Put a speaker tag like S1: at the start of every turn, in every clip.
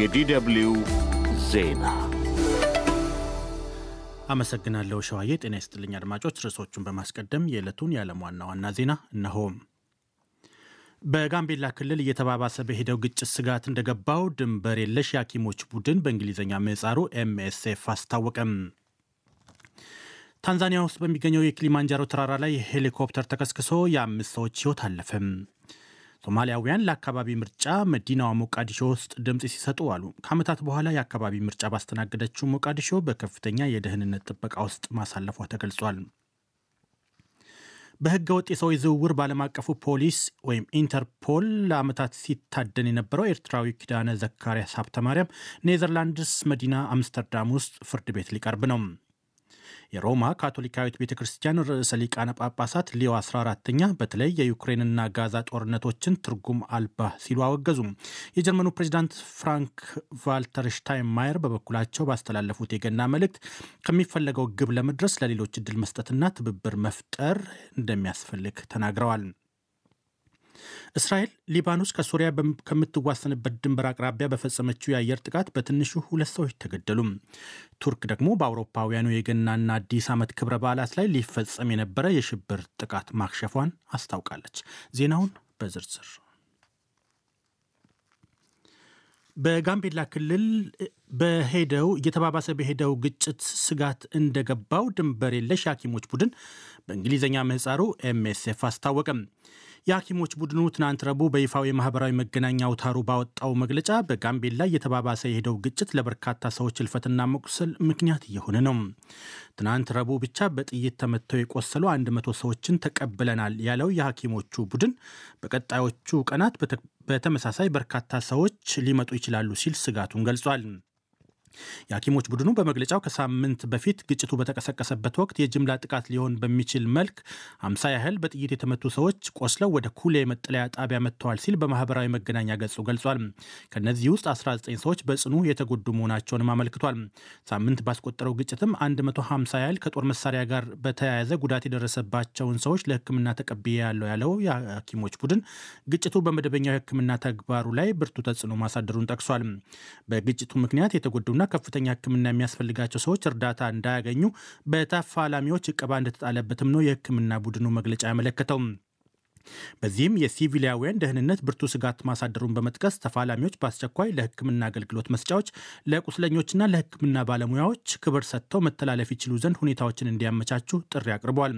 S1: የዲደብልዩ ዜና አመሰግናለሁ ሸዋዬ። ጤና ይስጥልኝ አድማጮች። ርዕሶቹን በማስቀደም የዕለቱን የዓለም ዋና ዋና ዜና እነሆም። በጋምቤላ ክልል እየተባባሰ በሄደው ግጭት ስጋት እንደገባው ድንበር የለሽ የሐኪሞች ቡድን በእንግሊዝኛ ምህጻሩ ኤምኤስኤፍ አስታወቀም። ታንዛኒያ ውስጥ በሚገኘው የኪሊማንጃሮ ተራራ ላይ ሄሊኮፕተር ተከስክሶ የአምስት ሰዎች ሕይወት አለፈም። ሶማሊያውያን ለአካባቢ ምርጫ መዲናዋ ሞቃዲሾ ውስጥ ድምፅ ሲሰጡ አሉ። ከዓመታት በኋላ የአካባቢ ምርጫ ባስተናገደችው ሞቃዲሾ በከፍተኛ የደህንነት ጥበቃ ውስጥ ማሳለፏ ተገልጿል። በህገ ወጥ የሰዎች ዝውውር በዓለም አቀፉ ፖሊስ ወይም ኢንተርፖል ለዓመታት ሲታደን የነበረው ኤርትራዊ ኪዳነ ዘካርያስ ሀብተማርያም ኔዘርላንድስ መዲና አምስተርዳም ውስጥ ፍርድ ቤት ሊቀርብ ነው። የሮማ ካቶሊካዊት ቤተ ክርስቲያን ርዕሰ ሊቃነ ጳጳሳት ሊዮ 14 ተኛ በተለይ የዩክሬንና ጋዛ ጦርነቶችን ትርጉም አልባ ሲሉ አወገዙም። የጀርመኑ ፕሬዚዳንት ፍራንክ ቫልተር ሽታይንማየር በበኩላቸው ባስተላለፉት የገና መልእክት ከሚፈለገው ግብ ለመድረስ ለሌሎች እድል መስጠትና ትብብር መፍጠር እንደሚያስፈልግ ተናግረዋል። እስራኤል ሊባኖስ ከሶሪያ ከምትዋሰንበት ድንበር አቅራቢያ በፈጸመችው የአየር ጥቃት በትንሹ ሁለት ሰዎች ተገደሉም። ቱርክ ደግሞ በአውሮፓውያኑ የገናና አዲስ ዓመት ክብረ በዓላት ላይ ሊፈጸም የነበረ የሽብር ጥቃት ማክሸፏን አስታውቃለች። ዜናውን በዝርዝር በጋምቤላ ክልል በሄደው እየተባባሰ በሄደው ግጭት ስጋት እንደገባው ድንበር የለሽ የሐኪሞች ቡድን በእንግሊዝኛ ምህፃሩ ኤምኤስኤፍ አስታወቀም። የሐኪሞች ቡድኑ ትናንት ረቡዕ በይፋው የማህበራዊ መገናኛ አውታሩ ባወጣው መግለጫ በጋምቤላ እየተባባሰ የሄደው ግጭት ለበርካታ ሰዎች እልፈትና መቁሰል ምክንያት እየሆነ ነው። ትናንት ረቡዕ ብቻ በጥይት ተመተው የቆሰሉ 100 ሰዎችን ተቀብለናል ያለው የሐኪሞቹ ቡድን በቀጣዮቹ ቀናት በተመሳሳይ በርካታ ሰዎች ሊመጡ ይችላሉ ሲል ስጋቱን ገልጿል። የሐኪሞች ቡድኑ በመግለጫው ከሳምንት በፊት ግጭቱ በተቀሰቀሰበት ወቅት የጅምላ ጥቃት ሊሆን በሚችል መልክ አምሳ ያህል በጥይት የተመቱ ሰዎች ቆስለው ወደ ኩሌ መጠለያ ጣቢያ መጥተዋል ሲል በማህበራዊ መገናኛ ገጹ ገልጿል። ከእነዚህ ውስጥ 19 ሰዎች በጽኑ የተጎዱ መሆናቸውንም አመልክቷል። ሳምንት ባስቆጠረው ግጭትም 150 ያህል ከጦር መሳሪያ ጋር በተያያዘ ጉዳት የደረሰባቸውን ሰዎች ለሕክምና ተቀብዬ ያለው ያለው የሐኪሞች ቡድን ግጭቱ በመደበኛው የሕክምና ተግባሩ ላይ ብርቱ ተጽዕኖ ማሳደሩን ጠቅሷል። በግጭቱ ምክንያት የተጎዱና ከፍተኛ ሕክምና የሚያስፈልጋቸው ሰዎች እርዳታ እንዳያገኙ በተፋላሚዎች እቀባ እንደተጣለበትም ነው የሕክምና ቡድኑ መግለጫ ያመለከተው። በዚህም የሲቪሊያውያን ደህንነት ብርቱ ስጋት ማሳደሩን በመጥቀስ ተፋላሚዎች በአስቸኳይ ለህክምና አገልግሎት መስጫዎች፣ ለቁስለኞችና ለህክምና ባለሙያዎች ክብር ሰጥተው መተላለፍ ይችሉ ዘንድ ሁኔታዎችን እንዲያመቻቹ ጥሪ አቅርቧል።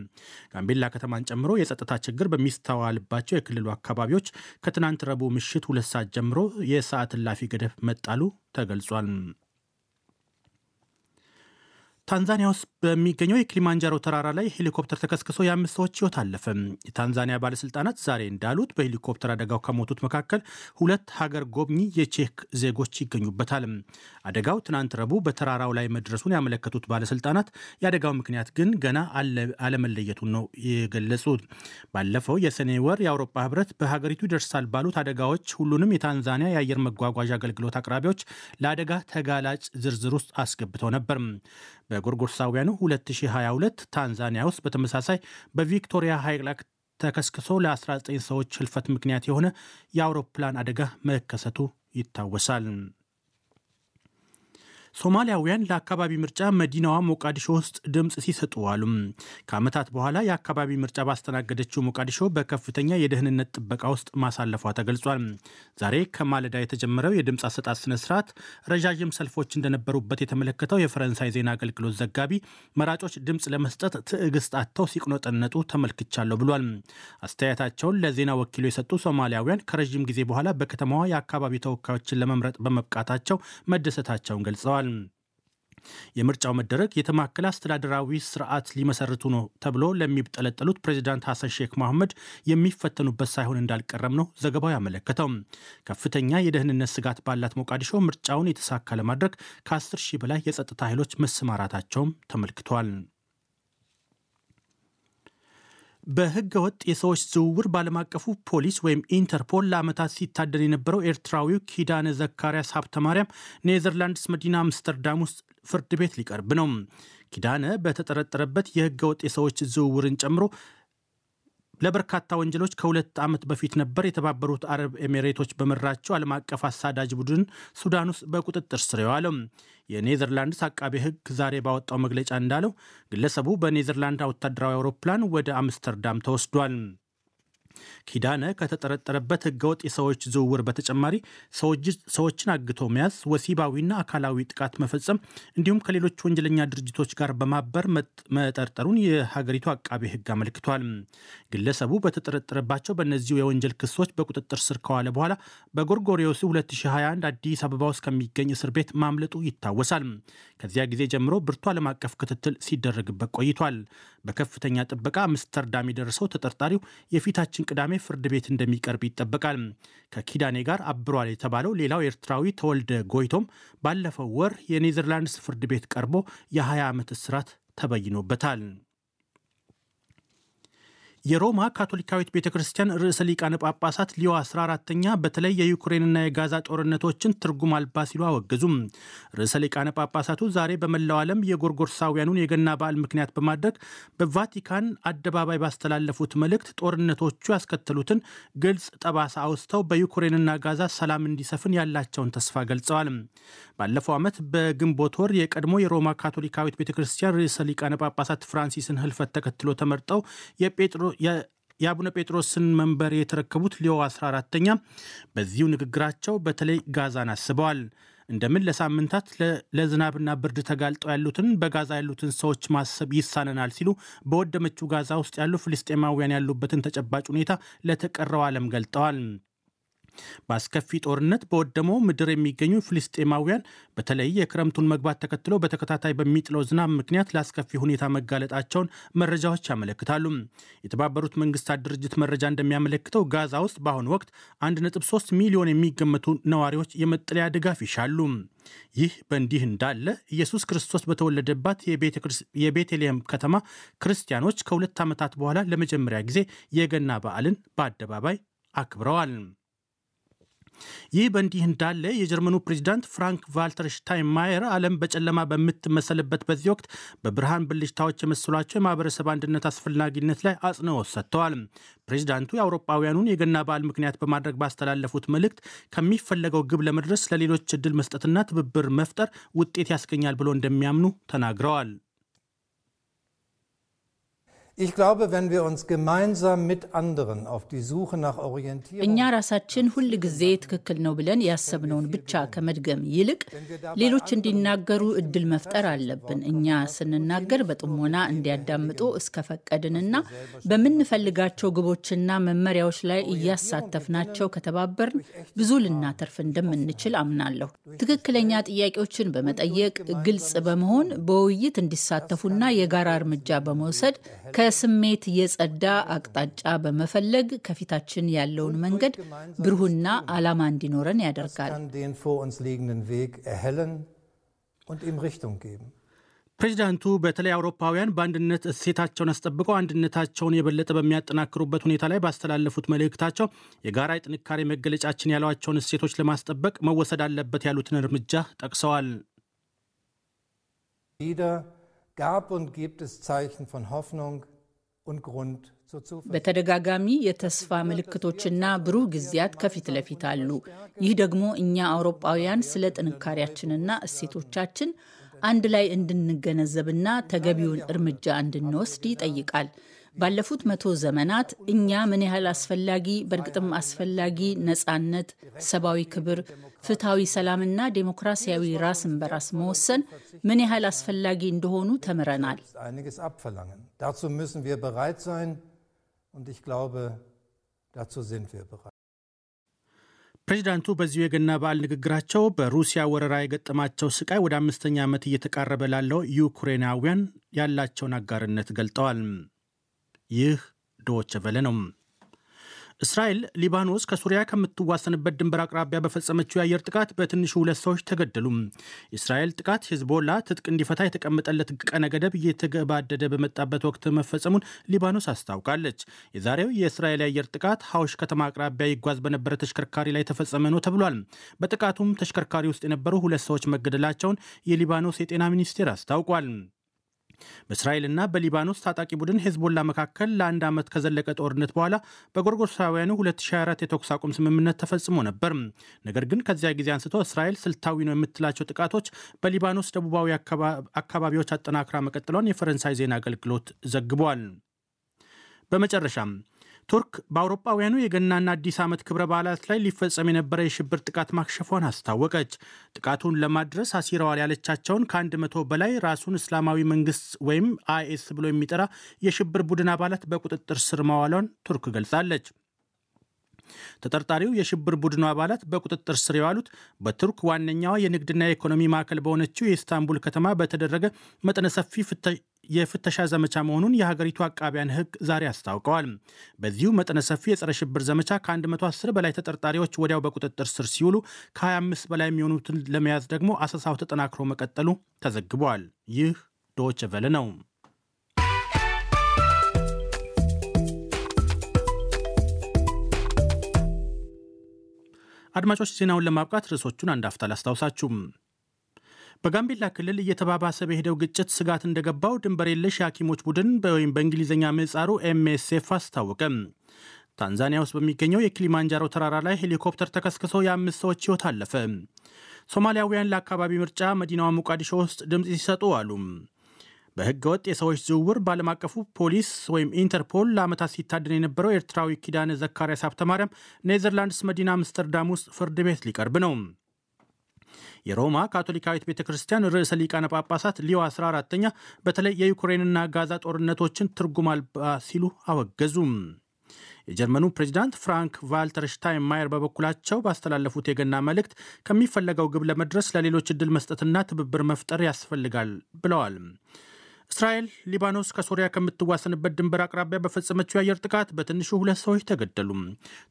S1: ጋምቤላ ከተማን ጨምሮ የጸጥታ ችግር በሚስተዋልባቸው የክልሉ አካባቢዎች ከትናንት ረቡዕ ምሽት ሁለት ሰዓት ጀምሮ የሰዓት እላፊ ገደብ መጣሉ ተገልጿል። ታንዛኒያ ውስጥ በሚገኘው የኪሊማንጃሮ ተራራ ላይ ሄሊኮፕተር ተከስክሶ የአምስት ሰዎች ሕይወት አለፈ። የታንዛኒያ ባለስልጣናት ዛሬ እንዳሉት በሄሊኮፕተር አደጋው ከሞቱት መካከል ሁለት ሀገር ጎብኚ የቼክ ዜጎች ይገኙበታል። አደጋው ትናንት ረቡዕ በተራራው ላይ መድረሱን ያመለከቱት ባለስልጣናት የአደጋው ምክንያት ግን ገና አለመለየቱን ነው የገለጹት። ባለፈው የሰኔ ወር የአውሮፓ ህብረት በሀገሪቱ ይደርሳል ባሉት አደጋዎች ሁሉንም የታንዛኒያ የአየር መጓጓዣ አገልግሎት አቅራቢዎች ለአደጋ ተጋላጭ ዝርዝር ውስጥ አስገብተው ነበር። ጎርጎርሳውያኑ 2022 ታንዛኒያ ውስጥ በተመሳሳይ በቪክቶሪያ ሐይቅ ላይ ተከስክሶ ለ19 ሰዎች ህልፈት ምክንያት የሆነ የአውሮፕላን አደጋ መከሰቱ ይታወሳል። ሶማሊያውያን ለአካባቢ ምርጫ መዲናዋ ሞቃዲሾ ውስጥ ድምፅ ሲሰጡ አሉ። ከዓመታት በኋላ የአካባቢ ምርጫ ባስተናገደችው ሞቃዲሾ በከፍተኛ የደህንነት ጥበቃ ውስጥ ማሳለፏ ተገልጿል። ዛሬ ከማለዳ የተጀመረው የድምፅ አሰጣት ስነስርዓት ረዣዥም ሰልፎች እንደነበሩበት የተመለከተው የፈረንሳይ ዜና አገልግሎት ዘጋቢ መራጮች ድምፅ ለመስጠት ትዕግስት አጥተው ሲቅኖጠነጡ ተመልክቻለሁ ብሏል። አስተያየታቸውን ለዜና ወኪሉ የሰጡ ሶማሊያውያን ከረዥም ጊዜ በኋላ በከተማዋ የአካባቢ ተወካዮችን ለመምረጥ በመብቃታቸው መደሰታቸውን ገልጸዋል። ገልጸዋል። የምርጫው መደረግ የተማከለ አስተዳደራዊ ስርዓት ሊመሰርቱ ነው ተብሎ ለሚጠለጠሉት ፕሬዚዳንት ሐሰን ሼክ መሐመድ የሚፈተኑበት ሳይሆን እንዳልቀረም ነው ዘገባው ያመለከተው። ከፍተኛ የደህንነት ስጋት ባላት ሞቃዲሾ ምርጫውን የተሳካ ለማድረግ ከ10 ሺህ በላይ የጸጥታ ኃይሎች መሰማራታቸውም ተመልክቷል። በህገ ወጥ የሰዎች ዝውውር በዓለም አቀፉ ፖሊስ ወይም ኢንተርፖል ለዓመታት ሲታደር የነበረው ኤርትራዊው ኪዳነ ዘካርያስ ሀብተ ማርያም ኔዘርላንድስ መዲና አምስተርዳም ውስጥ ፍርድ ቤት ሊቀርብ ነው። ኪዳነ በተጠረጠረበት የህገ ወጥ የሰዎች ዝውውርን ጨምሮ ለበርካታ ወንጀሎች ከሁለት ዓመት በፊት ነበር የተባበሩት አረብ ኤሚሬቶች በመራቸው ዓለም አቀፍ አሳዳጅ ቡድን ሱዳን ውስጥ በቁጥጥር ስር የዋለው። የኔዘርላንድስ አቃቤ ሕግ ዛሬ ባወጣው መግለጫ እንዳለው ግለሰቡ በኔዘርላንድ ወታደራዊ አውሮፕላን ወደ አምስተርዳም ተወስዷል። ኪዳነ ከተጠረጠረበት ህገወጥ የሰዎች ዝውውር በተጨማሪ ሰዎችን አግቶ መያዝ፣ ወሲባዊና አካላዊ ጥቃት መፈጸም እንዲሁም ከሌሎች ወንጀለኛ ድርጅቶች ጋር በማበር መጠርጠሩን የሀገሪቱ አቃቤ ህግ አመልክቷል። ግለሰቡ በተጠረጠረባቸው በእነዚሁ የወንጀል ክሶች በቁጥጥር ስር ከዋለ በኋላ በጎርጎሪዮስ 2021 አዲስ አበባ ውስጥ ከሚገኝ እስር ቤት ማምለጡ ይታወሳል። ከዚያ ጊዜ ጀምሮ ብርቱ ዓለም አቀፍ ክትትል ሲደረግበት ቆይቷል። በከፍተኛ ጥበቃ አምስተርዳም የደረሰው ተጠርጣሪው የፊታችን ቅዳሜ ፍርድ ቤት እንደሚቀርብ ይጠበቃል። ከኪዳኔ ጋር አብሯል የተባለው ሌላው ኤርትራዊ ተወልደ ጎይቶም ባለፈው ወር የኔዘርላንድስ ፍርድ ቤት ቀርቦ የ20 ዓመት እስራት ተበይኖበታል። የሮማ ካቶሊካዊት ቤተ ክርስቲያን ርዕሰ ሊቃነ ጳጳሳት ሊዮ 14ተኛ በተለይ የዩክሬንና የጋዛ ጦርነቶችን ትርጉም አልባ ሲሉ አወገዙም። ርዕሰ ሊቃነ ጳጳሳቱ ዛሬ በመላው ዓለም የጎርጎርሳውያኑን የገና በዓል ምክንያት በማድረግ በቫቲካን አደባባይ ባስተላለፉት መልእክት ጦርነቶቹ ያስከተሉትን ግልጽ ጠባሳ አውስተው በዩክሬንና ጋዛ ሰላም እንዲሰፍን ያላቸውን ተስፋ ገልጸዋል። ባለፈው ዓመት በግንቦት ወር የቀድሞ የሮማ ካቶሊካዊት ቤተ ክርስቲያን ርዕሰ ሊቃነ ጳጳሳት ፍራንሲስን ህልፈት ተከትሎ ተመርጠው የጴጥሮ የአቡነ ጴጥሮስን መንበር የተረከቡት ሊዮ 14ተኛ በዚሁ ንግግራቸው በተለይ ጋዛን አስበዋል። እንደምን ለሳምንታት ለዝናብና ብርድ ተጋልጠው ያሉትን በጋዛ ያሉትን ሰዎች ማሰብ ይሳነናል ሲሉ በወደመችው ጋዛ ውስጥ ያሉ ፍልስጤማውያን ያሉበትን ተጨባጭ ሁኔታ ለተቀረው ዓለም ገልጠዋል። በአስከፊ ጦርነት በወደመው ምድር የሚገኙ ፍልስጤማውያን በተለይ የክረምቱን መግባት ተከትሎ በተከታታይ በሚጥለው ዝናብ ምክንያት ለአስከፊ ሁኔታ መጋለጣቸውን መረጃዎች ያመለክታሉ። የተባበሩት መንግስታት ድርጅት መረጃ እንደሚያመለክተው ጋዛ ውስጥ በአሁኑ ወቅት 1.3 ሚሊዮን የሚገመቱ ነዋሪዎች የመጠለያ ድጋፍ ይሻሉ። ይህ በእንዲህ እንዳለ ኢየሱስ ክርስቶስ በተወለደባት የቤተልሔም ከተማ ክርስቲያኖች ከሁለት ዓመታት በኋላ ለመጀመሪያ ጊዜ የገና በዓልን በአደባባይ አክብረዋል። ይህ በእንዲህ እንዳለ የጀርመኑ ፕሬዚዳንት ፍራንክ ቫልተር ሽታይንማየር ዓለም በጨለማ በምትመሰልበት በዚህ ወቅት በብርሃን ብልጭታዎች የመሰሏቸው የማህበረሰብ አንድነት አስፈላጊነት ላይ አጽንኦት ሰጥተዋል። ፕሬዚዳንቱ የአውሮፓውያኑን የገና በዓል ምክንያት በማድረግ ባስተላለፉት መልእክት ከሚፈለገው ግብ ለመድረስ ለሌሎች እድል መስጠትና ትብብር መፍጠር ውጤት ያስገኛል ብሎ እንደሚያምኑ ተናግረዋል። Ich glaube, wenn
S2: wir uns gemeinsam mit anderen auf die Suche nach Orientierung እኛ ራሳችን ሁል ጊዜ ትክክል ነው ብለን ያሰብነውን ብቻ ከመድገም ይልቅ ሌሎች እንዲናገሩ እድል መፍጠር አለብን። እኛ ስንናገር በጥሞና እንዲያዳምጡ እስከፈቀድንና በምንፈልጋቸው ግቦችና መመሪያዎች ላይ እያሳተፍናቸው ከተባበርን ብዙ ልናተርፍ እንደምንችል አምናለሁ። ትክክለኛ ጥያቄዎችን በመጠየቅ ግልጽ በመሆን በውይይት እንዲሳተፉና የጋራ እርምጃ በመውሰድ ከ ከስሜት የጸዳ አቅጣጫ በመፈለግ ከፊታችን ያለውን መንገድ ብሩህና ዓላማ እንዲኖረን ያደርጋል።
S1: ፕሬዚዳንቱ በተለይ አውሮፓውያን በአንድነት እሴታቸውን አስጠብቀው አንድነታቸውን የበለጠ በሚያጠናክሩበት ሁኔታ ላይ ባስተላለፉት መልእክታቸው የጋራ የጥንካሬ መገለጫችን ያሏቸውን እሴቶች ለማስጠበቅ መወሰድ አለበት ያሉትን እርምጃ ጠቅሰዋል።
S2: ጋብ gab und gibt es በተደጋጋሚ የተስፋ ምልክቶችና ብሩህ ጊዜያት ከፊት ለፊት አሉ። ይህ ደግሞ እኛ አውሮፓውያን ስለ ጥንካሬያችንና እሴቶቻችን አንድ ላይ እንድንገነዘብና ተገቢውን እርምጃ እንድንወስድ ይጠይቃል። ባለፉት መቶ ዘመናት እኛ ምን ያህል አስፈላጊ በእርግጥም አስፈላጊ ነጻነት፣ ሰብአዊ ክብር፣ ፍትሐዊ ሰላምና ዴሞክራሲያዊ ራስን በራስ መወሰን ምን ያህል አስፈላጊ እንደሆኑ ተምረናል።
S1: ፕሬዚዳንቱ በዚሁ የገና በዓል ንግግራቸው በሩሲያ ወረራ የገጠማቸው ስቃይ ወደ አምስተኛ ዓመት እየተቃረበ ላለው ዩክሬናውያን ያላቸውን አጋርነት ገልጠዋል። ይህ ዶች ቨለ ነው። እስራኤል ሊባኖስ ከሱሪያ ከምትዋሰንበት ድንበር አቅራቢያ በፈጸመችው የአየር ጥቃት በትንሹ ሁለት ሰዎች ተገደሉ። የእስራኤል ጥቃት ሂዝቦላ ትጥቅ እንዲፈታ የተቀመጠለት ቀነ ገደብ እየተገባደደ በመጣበት ወቅት መፈጸሙን ሊባኖስ አስታውቃለች። የዛሬው የእስራኤል የአየር ጥቃት ሐውሽ ከተማ አቅራቢያ ይጓዝ በነበረ ተሽከርካሪ ላይ ተፈጸመ ነው ተብሏል። በጥቃቱም ተሽከርካሪ ውስጥ የነበሩ ሁለት ሰዎች መገደላቸውን የሊባኖስ የጤና ሚኒስቴር አስታውቋል። በእስራኤልና በሊባኖስ ታጣቂ ቡድን ሄዝቦላ መካከል ለአንድ ዓመት ከዘለቀ ጦርነት በኋላ በጎርጎሮሳውያኑ 2024 የተኩስ አቁም ስምምነት ተፈጽሞ ነበር። ነገር ግን ከዚያ ጊዜ አንስቶ እስራኤል ስልታዊ ነው የምትላቸው ጥቃቶች በሊባኖስ ደቡባዊ አካባቢዎች አጠናክራ መቀጠሏን የፈረንሳይ ዜና አገልግሎት ዘግቧል። በመጨረሻም ቱርክ በአውሮፓውያኑ የገናና አዲስ ዓመት ክብረ በዓላት ላይ ሊፈጸም የነበረ የሽብር ጥቃት ማክሸፏን አስታወቀች። ጥቃቱን ለማድረስ አሲረዋል ያለቻቸውን ከአንድ መቶ በላይ ራሱን እስላማዊ መንግስት ወይም አይኤስ ብሎ የሚጠራ የሽብር ቡድን አባላት በቁጥጥር ስር መዋሏን ቱርክ ገልጻለች። ተጠርጣሪው የሽብር ቡድኑ አባላት በቁጥጥር ስር የዋሉት በቱርክ ዋነኛዋ የንግድና የኢኮኖሚ ማዕከል በሆነችው የኢስታንቡል ከተማ በተደረገ መጠነ ሰፊ የፍተሻ ዘመቻ መሆኑን የሀገሪቱ አቃቢያን ሕግ ዛሬ አስታውቀዋል። በዚሁ መጠነ ሰፊ የጸረ ሽብር ዘመቻ ከ110 በላይ ተጠርጣሪዎች ወዲያው በቁጥጥር ስር ሲውሉ ከ25 በላይ የሚሆኑትን ለመያዝ ደግሞ አሰሳው ተጠናክሮ መቀጠሉ ተዘግቧል። ይህ ዶች ቨለ ነው። አድማጮች ዜናውን ለማብቃት ርዕሶቹን አንድ አፍታ ላስታውሳችሁ። በጋምቤላ ክልል እየተባባሰ በሄደው ግጭት ስጋት እንደገባው ድንበር የለሽ የሐኪሞች ቡድን ወይም በእንግሊዝኛ ምህጻሩ ኤምኤስኤፍ አስታወቀ። ታንዛኒያ ውስጥ በሚገኘው የኪሊማንጃሮ ተራራ ላይ ሄሊኮፕተር ተከስክሶ የአምስት ሰዎች ሕይወት አለፈ። ሶማሊያውያን ለአካባቢ ምርጫ መዲናዋ ሞቃዲሾ ውስጥ ድምፅ ሲሰጡ አሉ። በህገ ወጥ የሰዎች ዝውውር በዓለም አቀፉ ፖሊስ ወይም ኢንተርፖል ለዓመታት ሲታደን የነበረው ኤርትራዊ ኪዳነ ዘካርያስ ሀብተማርያም ኔዘርላንድስ መዲና አምስተርዳም ውስጥ ፍርድ ቤት ሊቀርብ ነው። የሮማ ካቶሊካዊት ቤተ ክርስቲያን ርዕሰ ሊቃነ ጳጳሳት ሊዮ 14 ተኛ በተለይ የዩክሬንና ጋዛ ጦርነቶችን ትርጉም አልባ ሲሉ አወገዙም። የጀርመኑ ፕሬዚዳንት ፍራንክ ቫልተር ሽታይንማየር በበኩላቸው ባስተላለፉት የገና መልእክት ከሚፈለገው ግብ ለመድረስ ለሌሎች እድል መስጠትና ትብብር መፍጠር ያስፈልጋል ብለዋል። እስራኤል ሊባኖስ ከሶሪያ ከምትዋሰንበት ድንበር አቅራቢያ በፈጸመችው የአየር ጥቃት በትንሹ ሁለት ሰዎች ተገደሉ።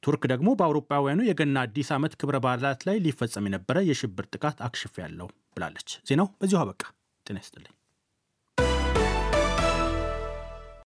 S1: ቱርክ ደግሞ በአውሮፓውያኑ የገና አዲስ ዓመት ክብረ በዓላት ላይ ሊፈጸም የነበረ የሽብር ጥቃት አክሽፍ ያለው ብላለች። ዜናው በዚሁ አበቃ። ጤና ይስጥልኝ።